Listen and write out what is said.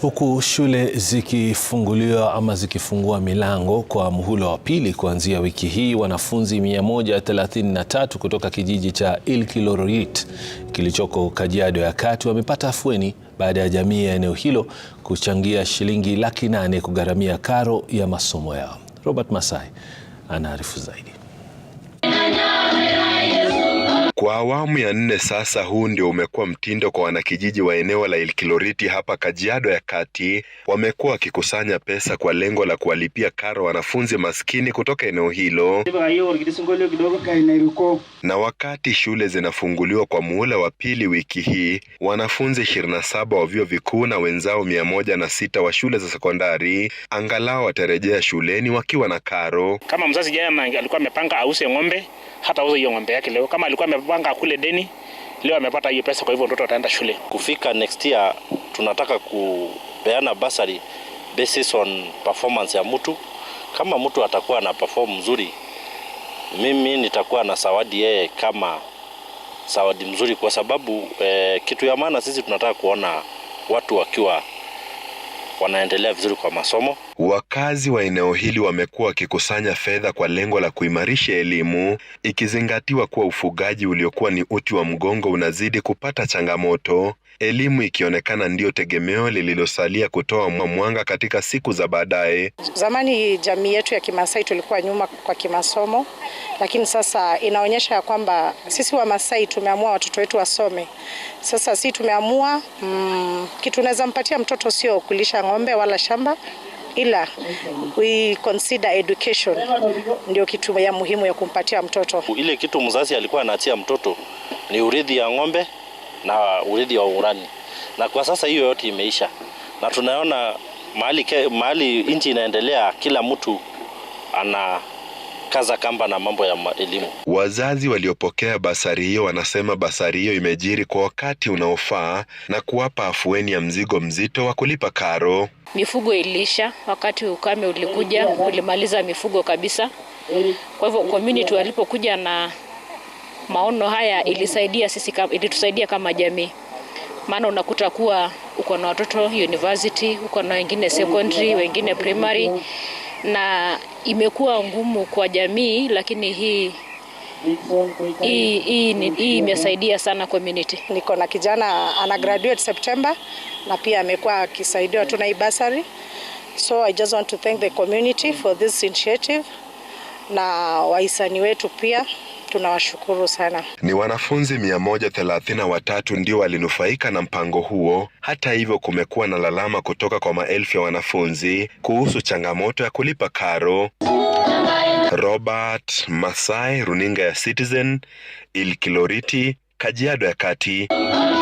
Huku shule zikifunguliwa ama zikifungua milango kwa muhula wa pili kuanzia wiki hii, wanafunzi 133 kutoka kijiji cha Ilkiloriyit kilichoko Kajiado ya Kati wamepata afueni baada ya jamii ya eneo hilo kuchangia shilingi laki nane kugharamia karo ya masomo yao. Robert Masai anaarifu zaidi. Kwa awamu ya nne sasa huu ndio umekuwa mtindo kwa wanakijiji wa eneo la Ilkiloriti hapa Kajiado ya Kati. Wamekuwa wakikusanya pesa kwa lengo la kuwalipia karo wanafunzi maskini kutoka eneo hilo. Na wakati shule zinafunguliwa kwa muhula wa pili wiki hii, wanafunzi 27 wa vyuo vikuu na wenzao 106 wa shule za sekondari angalau watarejea shuleni wakiwa na karo. Kama mzazi jana alikuwa amepanga ause ng'ombe, hata hiyo ng'ombe yake leo. Kama alikuwa alipanga kule deni, leo amepata hiyo pesa, kwa hivyo mtoto ataenda shule. Kufika next year tunataka kupeana basari basis on performance ya mtu. Kama mtu atakuwa na perform mzuri, mimi nitakuwa na sawadi yeye kama sawadi mzuri, kwa sababu eh, kitu ya maana sisi tunataka kuona watu wakiwa wanaendelea vizuri kwa masomo. Wakazi wa eneo hili wamekuwa wakikusanya fedha kwa lengo la kuimarisha elimu, ikizingatiwa kuwa ufugaji uliokuwa ni uti wa mgongo unazidi kupata changamoto, elimu ikionekana ndiyo tegemeo lililosalia kutoa mwanga katika siku za baadaye. Zamani jamii yetu ya Kimasai tulikuwa nyuma kwa kimasomo, lakini sasa inaonyesha ya kwamba sisi Wamasai tumeamua watoto wetu wasome. Sasa si tumeamua mm, kitu unaweza mpatia mtoto sio kulisha ng'ombe wala shamba ila we consider education ndio kitu ya muhimu ya kumpatia mtoto. Ile kitu mzazi alikuwa anatia mtoto ni urithi ya ng'ombe na urithi wa urani, na kwa sasa hiyo yote imeisha, na tunaona mahali, mahali nchi inaendelea, kila mtu ana kaza kamba na mambo ya elimu. Wazazi waliopokea basari hiyo wanasema basari hiyo imejiri kwa wakati unaofaa na kuwapa afueni ya mzigo mzito wa kulipa karo. Mifugo ilisha wakati ukame ulikuja ulimaliza mifugo kabisa. Kwa hivyo community walipokuja na maono haya ilisaidia sisi, ilitusaidia kama jamii, maana unakuta kuwa uko na watoto university, uko na wengine secondary, wengine primary na imekuwa ngumu kwa jamii, lakini hii hii, hii, imesaidia sana community. Niko na kijana ana graduate September na pia amekuwa akisaidiwa tu na hii so I just want to thank the community for this initiative na wahisani wetu pia tunawashukuru sana. Ni wanafunzi mia moja thelathini na watatu ndio walinufaika na mpango huo. Hata hivyo, kumekuwa na lalama kutoka kwa maelfu ya wanafunzi kuhusu changamoto ya kulipa karo. Robert Masai, runinga ya Citizen, Ilkiloriti, Kajiado ya Kati.